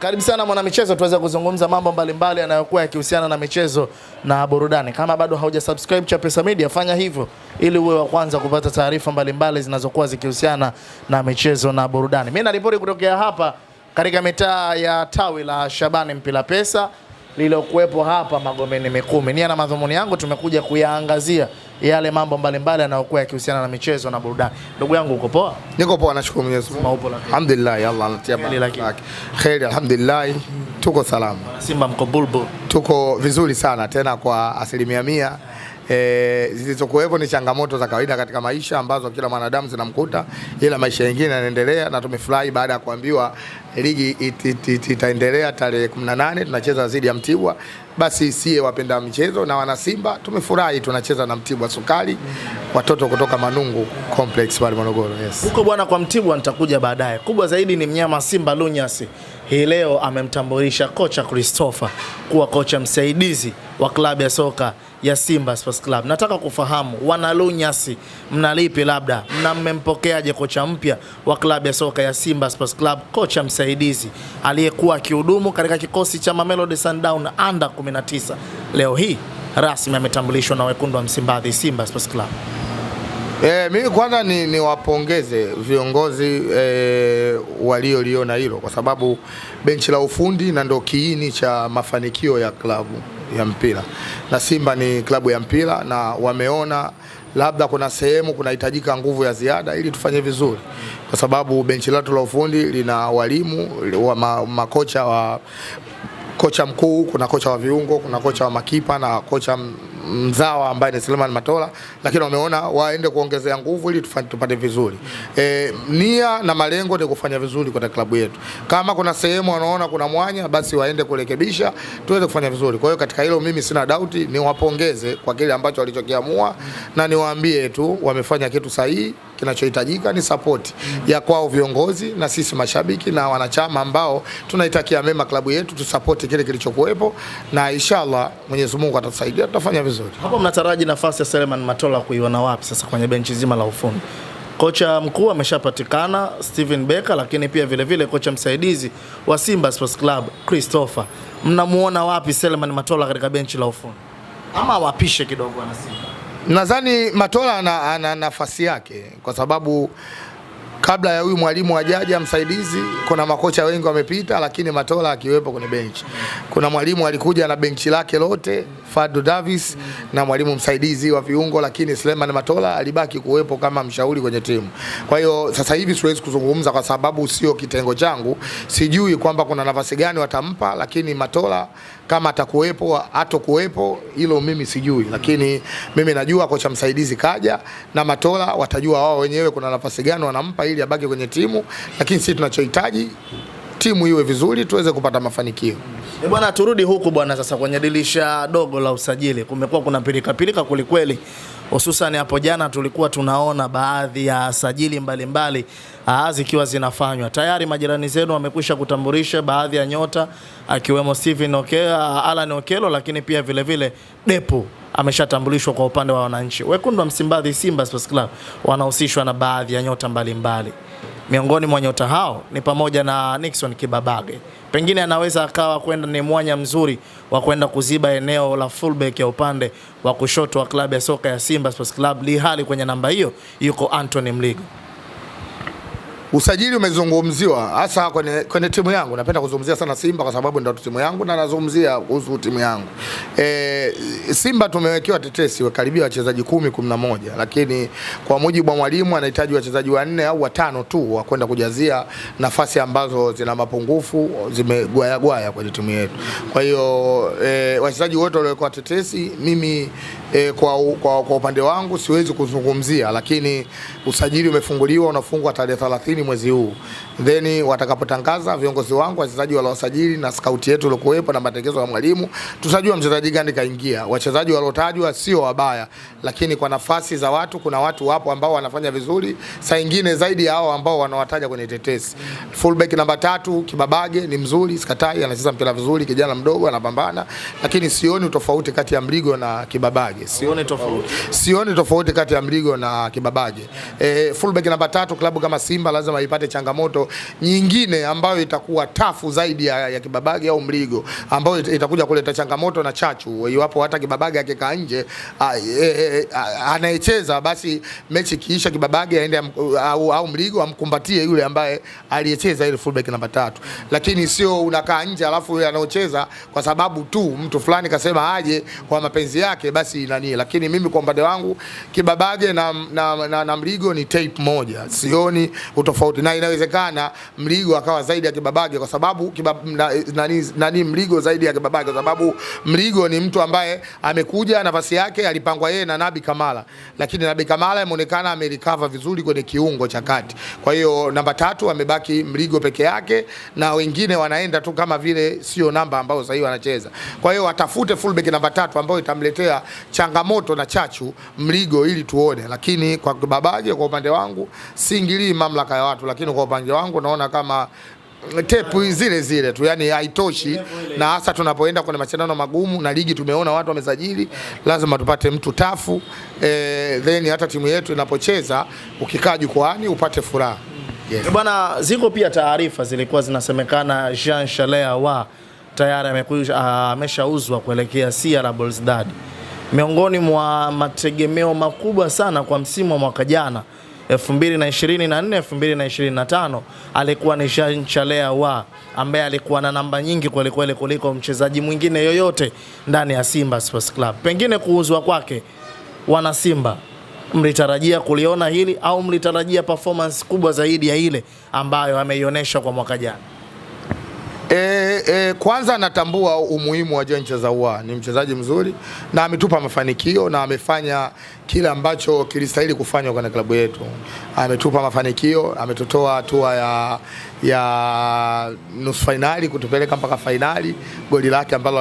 Karibu sana mwana michezo tuweze kuzungumza mambo mbalimbali yanayokuwa yakihusiana na michezo na burudani. Kama bado hauja subscribe Chapesa Media, fanya hivyo ili uwe wa kwanza kupata taarifa mbalimbali zinazokuwa zikihusiana na michezo na burudani. Mimi naripoti kutokea hapa katika mitaa ya tawi la Shabani Mpila Pesa lililokuwepo hapa Magomeni Mikumi. Nia na madhumuni yangu tumekuja kuyaangazia yale mambo mbalimbali yanayokuwa yakihusiana na michezo na burudani. Ndugu yangu uko poa? Niko poa, nashukuru Mwenyezi Mungu. Alhamdulillah, Allah anatia baraka. Khairi, alhamdulillah. Tuko salama. Simba mko bulbul. Tuko vizuri sana tena kwa asilimia mia e, zilizokuwepo ni changamoto za kawaida katika maisha ambazo kila mwanadamu zinamkuta, ila maisha mengine yanaendelea, na tumefurahi baada ya kuambiwa ligi itaendelea it, it, tarehe 18 tunacheza dhidi ya Mtibwa. Basi sie wapenda michezo na wana Simba tumefurahi, tunacheza na Mtibwa Sukari, watoto kutoka Manungu Complex pale Morogoro. Yes, huko bwana, kwa Mtibwa nitakuja baadaye. Kubwa zaidi ni mnyama Simba Lunyasi hii leo amemtambulisha kocha Christopher kuwa kocha msaidizi wa klabu ya soka ya Simba Sports Club. Nataka kufahamu wanalunyasi mnalipi, labda na mmempokeaje kocha mpya wa klabu ya soka ya Simba Sports Club, kocha msaidizi aliyekuwa akihudumu katika kikosi cha Mamelodi Sundowns under 19 leo hii rasmi ametambulishwa na wekundu wa Msimbazi Simba Sports Club. Eh, mimi kwanza ni niwapongeze viongozi e, walioliona hilo kwa sababu benchi la ufundi na ndo kiini cha mafanikio ya klabu ya mpira na Simba ni klabu ya mpira, na wameona labda kuna sehemu kunahitajika nguvu ya ziada ili tufanye vizuri, kwa sababu benchi letu la ufundi lina walimu wa makocha wa kocha mkuu, kuna kocha wa viungo, kuna kocha wa makipa na kocha mzawa ambaye ni Suleiman Matola, lakini wameona waende kuongezea nguvu ili tupate vizuri. E, nia na malengo ni kufanya vizuri kwa klabu yetu. Kama kuna sehemu wanaona kuna mwanya, basi waende kurekebisha tuweze kufanya vizuri. Kwa hiyo katika hilo mimi sina doubt, niwapongeze kwa kile ambacho walichokiamua na niwaambie tu wamefanya kitu sahihi. Kinachohitajika ni sapoti ya kwao viongozi na sisi mashabiki na wanachama ambao tunaitakia mema klabu yetu, tusapoti kile kilichokuwepo na inshallah Mwenyezi Mungu atatusaidia tutafanya vizuri vizuri. Hapo mnataraji nafasi ya Seleman Matola kuiona wapi sasa kwenye benchi zima la ufundi? Kocha mkuu ameshapatikana Steven Becker, lakini pia vile vile kocha msaidizi wa Simba Sports Club Christopher, mnamuona wapi Seleman Matola katika benchi la ufundi, ama wapishe kidogo wana Simba? Nadhani Matola ana, ana nafasi yake kwa sababu kabla ya huyu mwalimu ajaja msaidizi, kuna makocha wengi wamepita, lakini Matola akiwepo kwenye benchi. Kuna mwalimu alikuja na benchi lake lote, Fadu Davis na mwalimu msaidizi wa viungo, lakini Sleman Matola alibaki kuwepo kama mshauri kwenye timu. Kwa hiyo sasa hivi siwezi kuzungumza kwa sababu sio kitengo changu, sijui kwamba kuna nafasi gani watampa, lakini Matola kama atakuwepo hatokuwepo, hilo mimi sijui, lakini mimi najua kocha msaidizi kaja na Matola, watajua wao wenyewe kuna nafasi gani wanampa ili abaki kwenye timu, lakini sisi tunachohitaji timu iwe vizuri tuweze kupata mafanikio. E bwana, turudi huku bwana. Sasa kwenye dirisha dogo la usajili kumekuwa kuna pilika kwelikweli hususan hapo jana tulikuwa tunaona baadhi ya sajili mbalimbali ah, zikiwa zinafanywa tayari. Majirani zenu wamekwisha kutambulisha baadhi ya nyota akiwemo Steven Okelo, Alan Okelo, lakini pia vilevile Depu ameshatambulishwa kwa upande wa wananchi. Wekundu wa Msimbazi, Simba Sports Club, wanahusishwa na baadhi ya nyota mbalimbali mbali. Miongoni mwa nyota hao ni pamoja na Nixon Kibabage, pengine anaweza akawa kwenda ni mwanya mzuri wa kwenda kuziba eneo la fullback ya upande wa kushoto wa klabu ya soka ya Simba Sports Club, lihali kwenye namba hiyo yuko Anthony Mligo. Usajili umezungumziwa hasa kwenye, kwenye timu yangu. Napenda kuzungumzia sana Simba kwa sababu ndio timu yangu na nazungumzia kuhusu timu yangu e, Simba tumewekewa tetesi karibia wachezaji kumi kumi na moja, lakini kwa mujibu wa mwalimu anahitaji wachezaji wanne au watano tu wa kwenda kujazia nafasi ambazo zina mapungufu zimegwayagwaya kwenye timu yetu. Kwa hiyo e, wachezaji wote waliowekewa tetesi mimi e, kwa, kwa, kwa upande wangu siwezi kuzungumzia, lakini usajili umefunguliwa unafungwa tarehe 30 mwezi huu, then watakapotangaza viongozi wangu, wachezaji waliosajili na scout yetu iliyokuwepo na matengenezo ya mwalimu, tutajua mchezaji gani kaingia. Wachezaji waliotajwa sio wabaya, lakini kwa nafasi za watu, kuna watu wapo ambao wanafanya vizuri saa nyingine zaidi ya hao ambao wanawataja kwenye tetesi. Fullback namba tatu Kibabage ni mzuri, sikatai, anacheza mpira vizuri, kijana mdogo anapambana, lakini sioni tofauti kati ya Mligo na Kibabage, sioni tofauti, sioni tofauti kati ya Mligo na Kibabage. Eh, fullback namba tatu klabu kama Simba lazima Azam ipate changamoto nyingine ambayo itakuwa tafu zaidi ya, ya Kibabage au Mligo ambayo itakuja kuleta changamoto na chachu, iwapo hata Kibabage akikaa nje e, e, e, anayecheza basi mechi kiisha Kibabage aende au, au Mligo amkumbatie yule ambaye aliyecheza ile fullback namba tatu, lakini sio unakaa nje alafu yule anaocheza kwa sababu tu mtu fulani kasema aje kwa mapenzi yake basi nani. Lakini mimi kwa upande wangu Kibabage na, na, na, na Mligo ni tape moja, sioni utof tofauti, na inawezekana Mligo akawa zaidi ya Kibabage kwa sababu kibab, na, nani, nani Mligo zaidi ya Kibabage kwa sababu Mligo ni mtu ambaye amekuja nafasi yake alipangwa yeye na Nabi Kamala, lakini Nabi Kamala imeonekana amerecover vizuri kwenye kiungo cha kati. Kwa hiyo namba tatu amebaki Mligo peke yake na wengine wanaenda tu kama vile sio namba ambao sasa hivi wanacheza. Kwa hiyo watafute fullback namba tatu ambayo itamletea changamoto na chachu Mligo ili tuone, lakini kwa Kibabage kwa upande wangu siingilii mamlaka ya watu, lakini kwa upande wangu naona kama eh, tepu zile zile tu, yani haitoshi, na hasa tunapoenda kwenye mashindano magumu na ligi. Tumeona watu wamesajili, lazima tupate mtu tafu e, then hata timu yetu inapocheza ukikaa jukwani upate furaha. Yes. Eh, bwana, ziko pia taarifa zilikuwa zinasemekana Jean Chalea wa tayari ah, ameshauzwa kuelekea CR Belouizdad, miongoni mwa mategemeo makubwa sana kwa msimu wa mwaka jana. 2024 2025 alikuwa ni Chalea wa ambaye alikuwa na namba nyingi kwelikweli kuliko mchezaji mwingine yoyote ndani ya Simba Sports Club. Pengine kuuzwa kwake, wana Simba, mlitarajia kuliona hili au mlitarajia performance kubwa zaidi ya ile ambayo ameionyesha kwa mwaka jana? E, e, kwanza anatambua umuhimu wa Jean Ahoua, ni mchezaji mzuri na ametupa mafanikio na amefanya kile ambacho kilistahili kufanywa kwenye klabu yetu. Ametupa mafanikio, ametutoa hatua ya, ya nusu fainali kutupeleka mpaka fainali, goli lake ambalo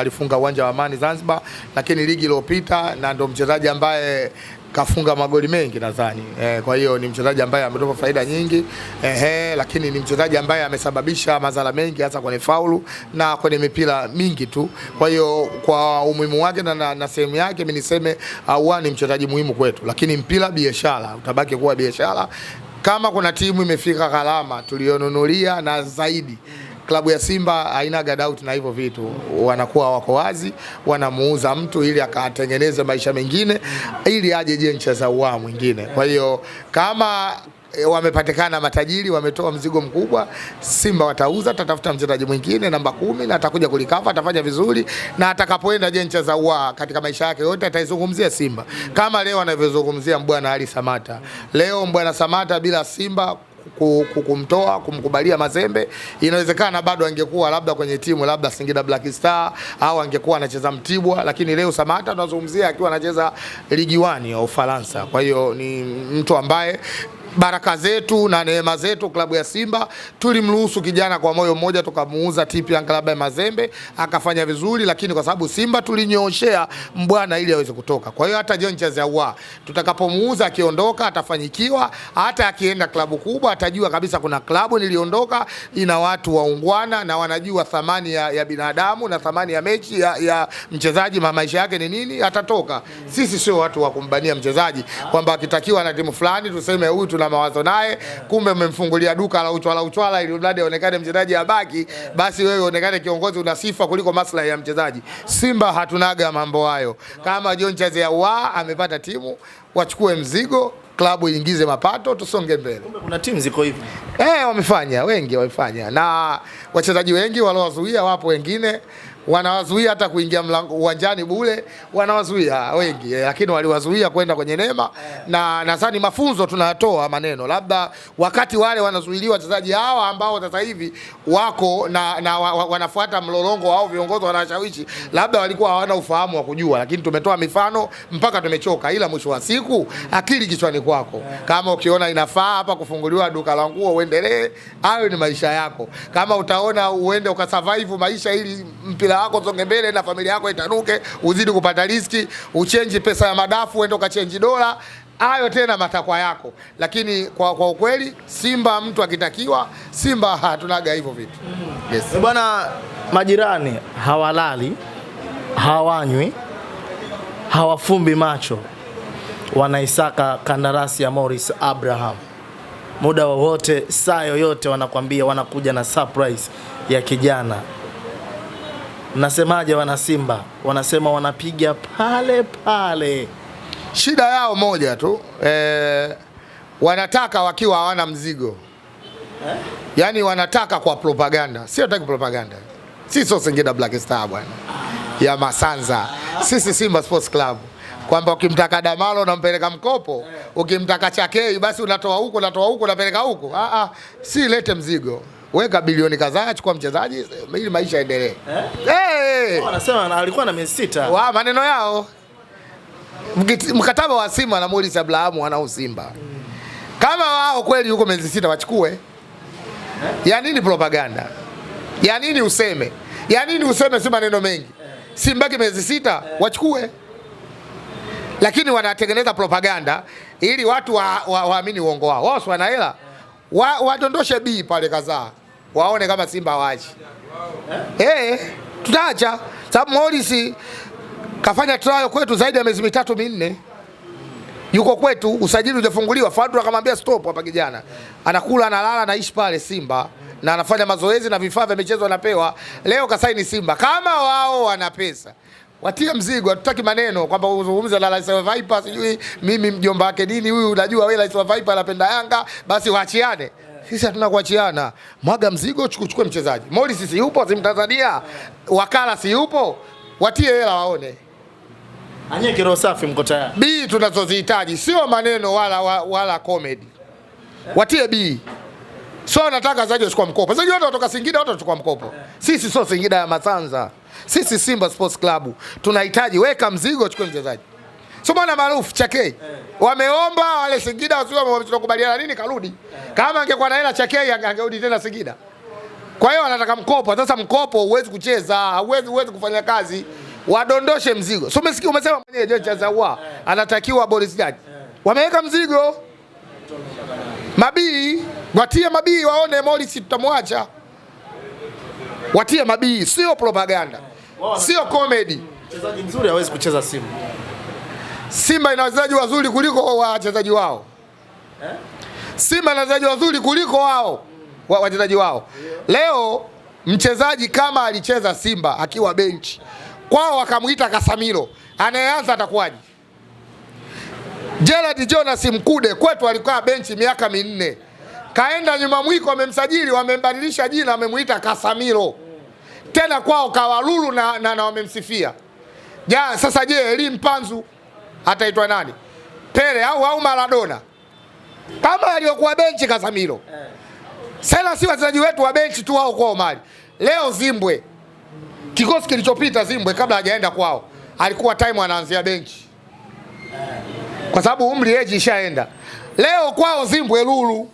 alifunga uwanja wa Amani Zanzibar, lakini ligi iliyopita, na ndo mchezaji ambaye kafunga magoli mengi nadhani e, kwa hiyo ni mchezaji ambaye ametoa faida nyingi eh, lakini ni mchezaji ambaye amesababisha madhara mengi hasa kwenye faulu na kwenye mipira mingi tu. Kwa hiyo kwa umuhimu wake na, na, na sehemu yake mimi niseme au ni mchezaji muhimu kwetu, lakini mpira biashara, utabaki kuwa biashara. Kama kuna timu imefika gharama tuliyonunulia na zaidi klabu ya Simba haina gadout na hivyo vitu, wanakuwa wako wazi, wanamuuza mtu ili akatengeneze maisha mengine, ili aje jencha za uwaa mwingine. Kwa hiyo kama eh, wamepatikana matajiri, wametoa mzigo mkubwa. Simba watauza, tatafuta mchezaji mwingine namba kumi na atakuja kulikava, atafanya vizuri, na atakapoenda Jencha za uwa katika maisha yake yote ataizungumzia Simba kama leo anavyozungumzia Mbwana Ali Samata. Leo Mbwana Samata bila Simba kumtoa kumkubalia Mazembe, inawezekana bado angekuwa labda kwenye timu labda Singida Black Star au angekuwa anacheza Mtibwa, lakini leo Samata tunazungumzia akiwa anacheza ligi 1 ya Ufaransa. Kwa hiyo ni mtu ambaye baraka zetu na neema zetu, klabu ya Simba tulimruhusu kijana kwa moyo mmoja, tukamuuza TP ya Mazembe, akafanya vizuri, lakini kwa sababu Simba tulinyooshea mbwana ili aweze kutoka. Kwa hiyo hata John Chazawa tutakapomuuza, akiondoka atafanyikiwa, hata akienda klabu kubwa atajua kabisa kuna klabu niliondoka ina watu waungwana na wanajua thamani ya, ya binadamu na thamani ya mechi ya, ya mchezaji maisha yake ni nini, atatoka. Sisi sio watu wa kumbania mchezaji kwamba akitakiwa na timu fulani tuseme huyu una mawazo naye, kumbe umemfungulia duka la uchwala uchwala, ili mradi aonekane mchezaji abaki, basi wewe onekane kiongozi una sifa kuliko maslahi ya mchezaji. Simba hatunaga mambo hayo. Kama John Chaze wa amepata timu, wachukue mzigo klabu iingize mapato, tusonge mbele. Kuna timu ziko hivi eh, wamefanya wengi, wamefanya na wachezaji wengi waliowazuia wapo wengine wanawazuia hata kuingia mlango uwanjani bule, wanawazuia wengi, eh, lakini waliwazuia kwenda kwenye neema, eh. na nadhani mafunzo tunayatoa maneno, labda wakati wale wanazuiliwa wachezaji hawa ambao sasa hivi wako na, na wanafuata mlolongo au viongozi wanawashawishi, labda walikuwa hawana ufahamu wa kujua, lakini tumetoa mifano mpaka tumechoka, ila mwisho wa siku akili kichwani kwako. Eh. Kama ukiona inafaa hapa kufunguliwa duka la nguo uendelee, hayo ni maisha yako. Kama utaona uende ukasurvive maisha ili mpira mpira wako songe mbele na familia yako itanuke, uzidi kupata riski, uchenji pesa ya madafu uende ukachenji dola. Hayo tena matakwa yako, lakini kwa, kwa ukweli Simba mtu akitakiwa Simba hatunaga hivyo vitu Yes. Eh, bwana, majirani hawalali, hawanywi, hawafumbi macho, wanaisaka kandarasi ya Morris Abraham muda wowote, saa yoyote, wanakwambia wanakuja na surprise ya kijana. Mnasemaje wana Simba? Wanasema wanapiga pale pale. Shida yao moja tu e, wanataka wakiwa hawana mzigo eh? Yaani wanataka kwa propaganda, si taki propaganda, si sio Singida Black Star bwana ah. ya Masanza sisi Simba Sports Club kwamba ukimtaka Damalo unampeleka mkopo, eh. ukimtaka Chakei basi unatoa huko unatoa huko unapeleka huko. Ah, ah, si lete mzigo weka bilioni kadhaa, chukua mchezaji ili maisha yaendelee. Eh? Hey! Eh! Wanasema oh, alikuwa na miezi sita. Wa maneno yao. Mkataba wa Simba na Morris Abraham wanao Simba. Mm. Kama wao kweli yuko miezi sita wachukue. Eh? Ya nini propaganda? Ya nini useme? Ya nini useme si maneno mengi? Simba Simbaki miezi sita eh, wachukue. Lakini wanatengeneza propaganda ili watu waamini wa, wa, uongo wao. Wao wana hela. Wa, wadondoshe bii pale kadhaa waone kama Simba waachi eh? Hey, tutaacha sababu Morris kafanya trial kwetu zaidi ya miezi mitatu minne, yuko kwetu, usajili ujafunguliwa. Fadru akamwambia stop hapa, kijana anakula analala, naishi pale Simba na anafanya mazoezi na vifaa vya michezo anapewa. Leo kasaini Simba, kama wao wana pesa watia mzigo, hatutaki maneno kwamba uzungumze na Rais wa Viper, sijui mimi mjomba wake nini huyu, unajua wewe Rais wa Viper anapenda Yanga, basi waachiane sisi hatuna kuachiana, mwaga mzigo, chukuchukue mchezaji. Morris si yupo, si Mtanzania, wakala si yupo, watie hela waone. Anye roho safi, mko tayari. B tunazozihitaji sio maneno wala wala comedy, watie B. Sio nataka wachezaji wachukua mkopo. Wachezaji wote kutoka Singida wote wachukua mkopo. Sisi sio Singida ya Masanza. Sisi Simba Sports Club tunahitaji, weka mzigo, chukue mchezaji sio bwana maarufu Chakei eh. wameomba wale Singida wazuri, tunakubaliana nini? Karudi eh. kama angekuwa na hela Chakei angerudi tena Singida. Kwa hiyo wanataka mkopo. Sasa mkopo huwezi kucheza, huwezi huwezi kufanya kazi, wadondoshe mzigo. So umesikia, umesema mwenyewe Chazawa eh. anatakiwa Boris Jaji, wameweka mzigo mabii, watie mabii waone Morris tutamwacha, watie mabii, sio propaganda, sio comedy. Mchezaji mzuri hawezi kucheza simu Simba ina wachezaji wazuri kuliko wachezaji wao. Simba ina wachezaji wazuri kuliko wao wachezaji wao. Leo mchezaji kama alicheza Simba akiwa benchi kwao, wakamwita Kasamiro, anayeanza atakuwaje? Gerard Jonas Mkude kwetu alikaa benchi miaka minne, kaenda nyuma mwiko, wamemsajili wamembadilisha jina, wamemwita Kasamiro tena kwao kawalulu na, na, na wamemsifia ja. Sasa je, Eli Mpanzu ataitwa nani? Pele au au Maradona kama aliyokuwa benchi Kazamilo. Sasa si wachezaji wetu wa benchi tu wao kwao mali. Leo Zimbwe kikosi kilichopita Zimbwe kabla hajaenda kwao alikuwa time anaanzia benchi kwa sababu umri eji ishaenda. Leo kwao Zimbwe lulu.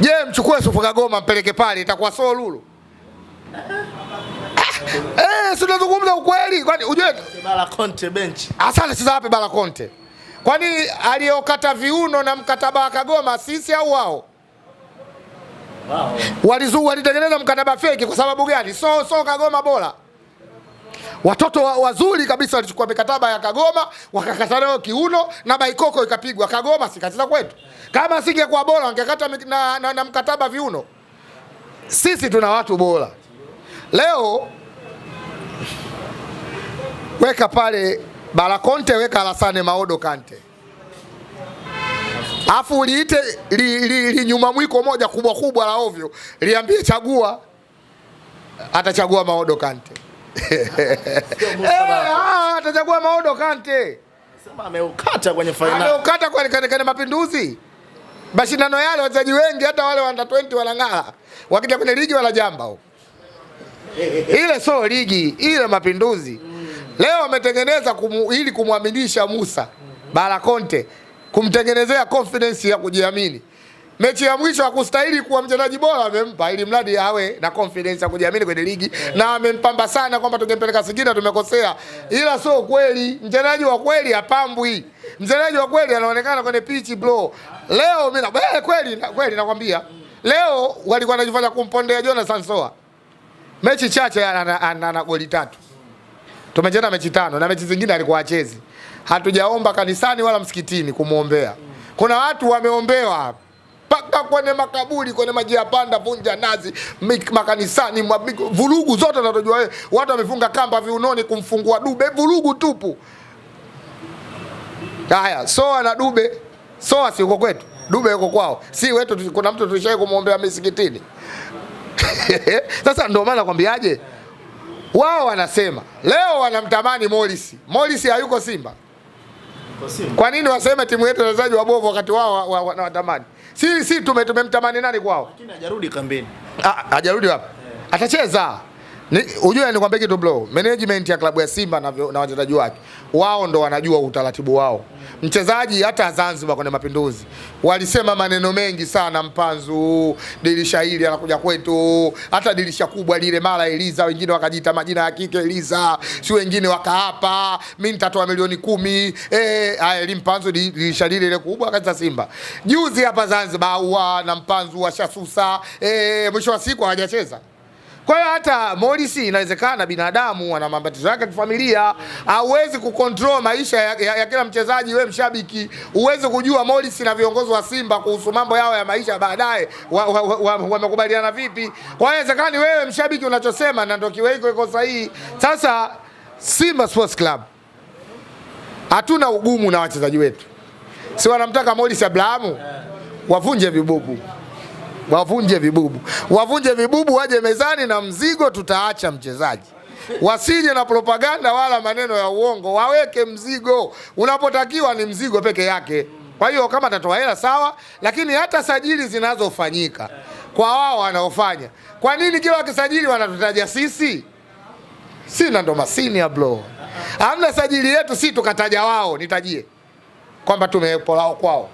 Je, mchukue Sufu Kagoma mpeleke pale itakuwa so lulu. Eh, si tunazungumza ukweli. Kwani unajua Bala Conte benchi. Asante sasa wapi Bala Conte? Kwani aliyokata viuno na mkataba wa Kagoma sisi au wao? Wao. Walizuu walitengeneza mkataba feki kwa sababu gani? So so Kagoma bora. Watoto wazuri kabisa walichukua mikataba ya Kagoma wakakata nayo kiuno na baikoko ikapigwa. Kagoma sikacheza kwetu. Kama asingekuwa bora wangekata na, na, na mkataba viuno. Sisi tuna watu bora. Leo weka pale Bala Conte, weka Alasane Maodo Kante, afu liite li, li, li nyuma mwiko moja kubwa kubwa la ovyo, liambie chagua, atachagua Maodo Kante eh, ah, atachagua Maodo Kante. Ameukata kwenye fainali, ameukata kwenye mapinduzi mashindano yale. Wachezaji wengi hata wale under 20 wanang'ara, wakija kwenye ligi wanajamba huko. Ile so ligi, ile mapinduzi. Leo wametengeneza kumu, ili kumwaminisha Musa Barakonte, kumtengenezea confidence ya kujiamini. Mechi ya mwisho hakustahili kuwa mchezaji bora, amempa ili mradi awe na confidence ya kujiamini kwenye ligi yeah. na amempamba sana kwamba tungempeleka Singida tumekosea, yeah. ila sio kweli. Mchezaji wa kweli hapambwi, mchezaji wa kweli anaonekana kwenye pitch bro. Leo mimi eh, kweli na kweli nakwambia, leo walikuwa wanajifanya kumpondea Jonas Sansoa, mechi chache ana goli tatu tumecheza mechi tano na mechi zingine alikuwa achezi. Hatujaomba kanisani wala msikitini kumwombea. Kuna watu wameombewa mpaka kwenye makaburi, kwenye maji ya panda, vunja nazi, makanisani, vurugu zote unazojua wewe. Watu wamefunga kamba viunoni kumfungua Dube, vurugu tupu. Haya, soa na Dube, soa si uko kwetu, Dube yuko kwao, si wetu. Kuna mtu tulishawahi kumwombea misikitini? Sasa ndio maana nakwambiaje wao wanasema leo wanamtamani Morris. Morris hayuko Simba. Kwa nini waseme timu yetu wachezaji wabovu wakati wao wanawatamani? Sisi si tumemtamani nani kwao? Lakini hajarudi kambini. Ah, hajarudi wapi? Eh. Atacheza. Unajua nilikwambia kitu bro, management ya klabu ya Simba na, na wachezaji wake wao ndo wanajua utaratibu wao. Mchezaji hata Zanzibar kwenye mapinduzi walisema maneno mengi sana, Mpanzu dirisha hili anakuja kwetu, hata dirisha kubwa lile mara Eliza, wengine wakajiita majina ya kike Eliza, si wengine wakaapa mimi nitatoa milioni kumi. Eh, haya Mpanzu dirisha lile ile kubwa kaza Simba. Juzi hapa Zanzibar au na Mpanzu washasusa, eh, mwisho wa siku hawajacheza. Kwa hiyo hata Morisi, inawezekana binadamu ana mabatizo yake ya kifamilia. Hauwezi kucontrol maisha ya, ya, ya kila mchezaji. We mshabiki, huwezi kujua Morris na viongozi wa Simba kuhusu mambo yao ya maisha baadaye wamekubaliana wa, wa, wa, wa vipi. Kwa hiyo inawezekana wewe mshabiki unachosema na ndio kiweiko iko sahihi. Sasa Simba Sports Club hatuna ugumu na wachezaji wetu, si wanamtaka Morisi Abrahamu wavunje vibubu wavunje vibubu, wavunje vibubu, waje mezani na mzigo, tutaacha mchezaji wasije na propaganda wala maneno ya uongo, waweke mzigo. Unapotakiwa ni mzigo peke yake. Kwa hiyo kama atatoa hela sawa, lakini hata sajili zinazofanyika kwa wao wanaofanya, kwa nini kila wakisajili wanatutaja sisi? Sina ndo masini bro, hamna sajili yetu, si tukataja wao, nitajie kwamba tumepolao kwao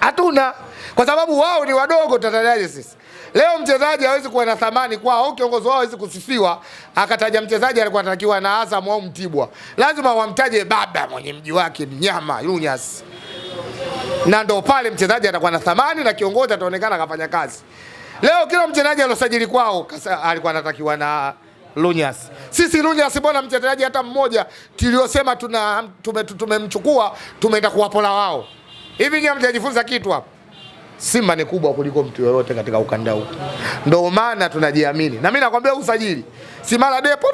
hatuna, kwa sababu wao ni wadogo. Tutafanyaje sisi? Leo mchezaji hawezi kuwa na thamani kwao, kiongozi wao hawezi kusifiwa akataja mchezaji alikuwa anatakiwa na Azam au Mtibwa, lazima wamtaje baba mwenye mji wake mnyama Yunyas, na ndo pale mchezaji atakuwa na thamani na kiongozi ataonekana akafanya kazi. Leo kila mchezaji aliosajili kwao alikuwa anatakiwa na Lunyas. Sisi Lunyas bwana mchezaji hata mmoja tuliosema tuna tumemchukua tume tumeenda kuwapola wao. Hivi nyinyi mtajifunza kitu hapa. Simba ni kubwa kuliko mtu yoyote katika ukanda huu, ndio maana tunajiamini. Na mimi nakwambia usajili si mara depo,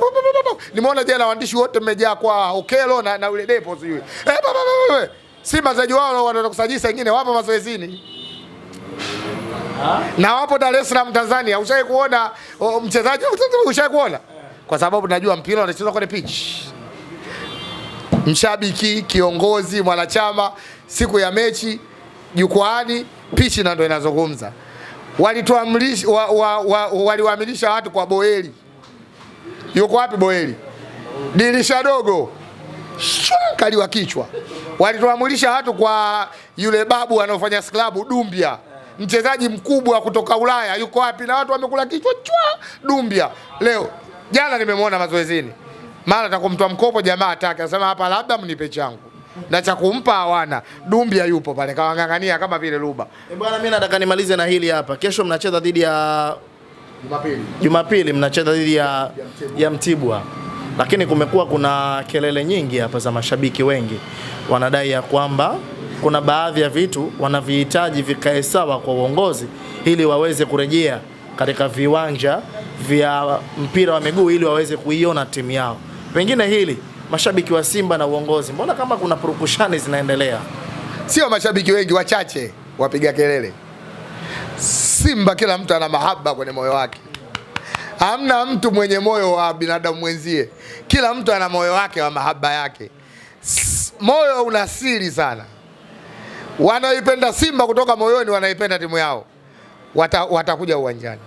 nimeona jana waandishi wote mmejaa kwa Okelo na, na yule depo sijui eh, baba Simba zaji wao wanataka kusajili, wengine wapo mazoezini na wapo Dar es Salaam Tanzania. Ushawahi kuona mchezaji? Ushawahi kuona? Kwa sababu najua mpira unachezwa kwenye pitch. Mshabiki, kiongozi, mwanachama siku ya mechi jukwaani, pichi na ndo inazungumza. Walituamrisha wa, wa, wa, waliwaamilisha watu kwa Boeli. Yuko wapi Boeli? Dirisha dogo kaliwa kichwa. Walituamulisha watu kwa yule babu anaofanya sklabu Dumbia, mchezaji mkubwa kutoka Ulaya. Yuko wapi? Na watu wamekula kichwa chwa Dumbia. Leo jana nimemwona mazoezini, mara atakumtoa mkopo jamaa atake, anasema hapa labda mnipe changu na cha kumpa hawana. Dumbia yupo pale kawang'ang'ania kama vile luba. E bwana, mimi nataka nimalize na hili hapa. Kesho mnacheza dhidi ya Jumapili, Jumapili mnacheza dhidi ya, ya Mtibwa, lakini kumekuwa kuna kelele nyingi hapa za mashabiki wengi wanadai ya kwamba kuna baadhi ya vitu wanavihitaji vikae sawa kwa uongozi ili waweze kurejea katika viwanja vya mpira wa miguu ili waweze kuiona timu yao. Pengine hili mashabiki wa Simba na uongozi, mbona kama kuna purukushani zinaendelea? Sio mashabiki wengi, wachache wapiga kelele. Simba kila mtu ana mahaba kwenye moyo wake, hamna mtu mwenye moyo wa binadamu mwenzie. Kila mtu ana moyo wake wa mahaba yake. Moyo una siri sana. Wanaoipenda Simba kutoka moyoni wanaipenda timu yao, watakuja wata uwanjani.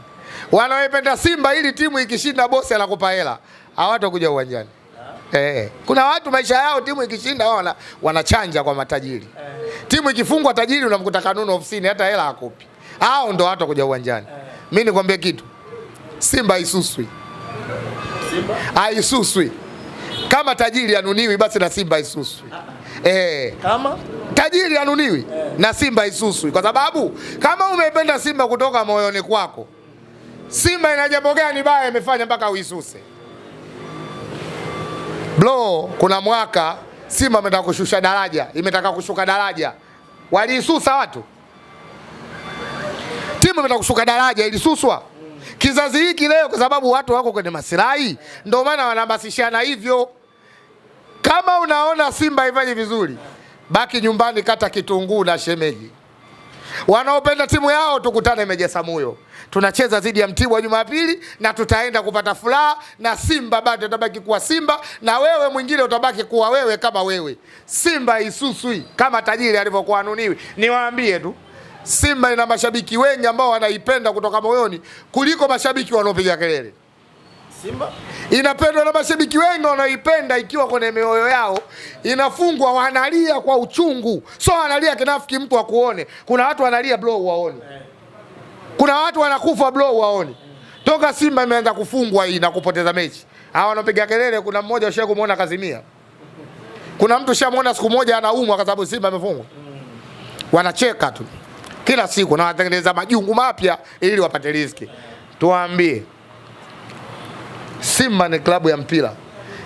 Wanaoipenda Simba ili timu ikishinda bosi anakupa hela, hawatakuja uwanjani. Eh, eh, kuna watu maisha yao timu ikishinda wana, wanachanja kwa matajiri eh. Timu ikifungwa tajiri unamkuta kanuni ofisini hata hela hakupi. Hao ndo watu kuja uwanjani eh. Mimi nikwambie kitu, Simba isuswi, Simba aisuswi. Kama tajiri anuniwi basi na Simba isuswi ah. eh. Kama tajiri anuniwi eh, na Simba isuswi kwa sababu kama umependa Simba kutoka moyoni kwako, Simba ina jambo gani baya imefanya mpaka uisuse? blo kuna mwaka Simba imetaka kushusha daraja, imetaka kushuka daraja, waliisusa watu, timu imetaka kushuka daraja, ilisuswa. Kizazi hiki leo, kwa sababu watu wako kwenye masilahi, ndio maana wanahamasishana hivyo. Kama unaona Simba haifanyi vizuri, baki nyumbani, kata kitunguu na shemeji. Wanaopenda timu yao tukutane Mejesamuyo, tunacheza dhidi ya Mtibwa Jumapili na tutaenda kupata furaha, na Simba bado utabaki kuwa Simba na wewe mwingine utabaki kuwa wewe kama wewe. Simba isuswi kama tajiri alivyokuwa Anuniwi. Niwaambie tu Simba ina mashabiki wengi ambao wanaipenda kutoka moyoni kuliko mashabiki wanaopiga kelele. Simba inapendwa na mashabiki wengi, wanaipenda ikiwa kwenye mioyo yao, inafungwa, wanalia kwa uchungu. So analia kinafiki, mtu akuone. Kuna watu wanalia bro, waone. Kuna watu wanakufa bro, waone. Toka Simba imeanza kufungwa hii na kupoteza mechi, hawa wanapiga kelele. Kuna mmoja ushaye kumuona Kazimia? Kuna mtu ushamuona siku moja anaumwa kwa sababu Simba imefungwa? Wanacheka tu kila siku na watengeneza majungu mapya ili wapate riziki. Tuambie. Simba ni klabu ya mpira,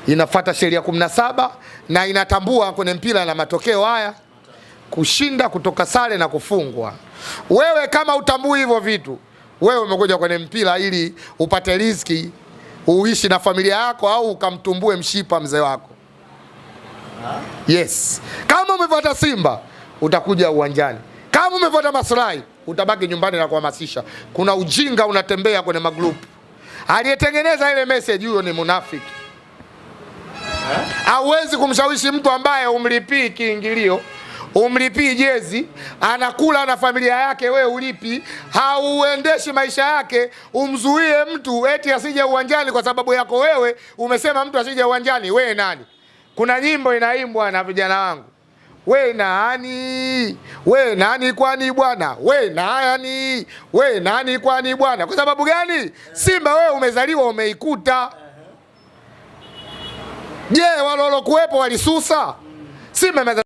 inafata sheria saba na inatambua kwenye mpira na matokeo haya kushinda, kutoka sare na kufungwa. Wewe kama utambui hivyo vitu, wewe umekuja kwenye mpira ili upate riziki, uishi na familia yako, au ukamtumbue mshipa mzee wako. Yes, kama umefuata Simba utakuja uwanjani, kama umefuata maslahi utabaki nyumbani na kuhamasisha. Kuna ujinga unatembea kwenye magrupu Aliyetengeneza ile message huyo ni munafiki. Hauwezi kumshawishi mtu ambaye umlipii kiingilio, umlipii jezi, anakula na familia yake, we ulipi, hauendeshi maisha yake, umzuie mtu eti asije uwanjani kwa sababu yako wewe. Umesema mtu asije uwanjani, we nani? Kuna nyimbo inaimbwa na vijana wangu we nani? We nani kwani bwana? We nani? We nani kwani bwana? Kwa sababu gani? Simba wewe umezaliwa umeikuta. Je, walolokuwepo walisusa? Simba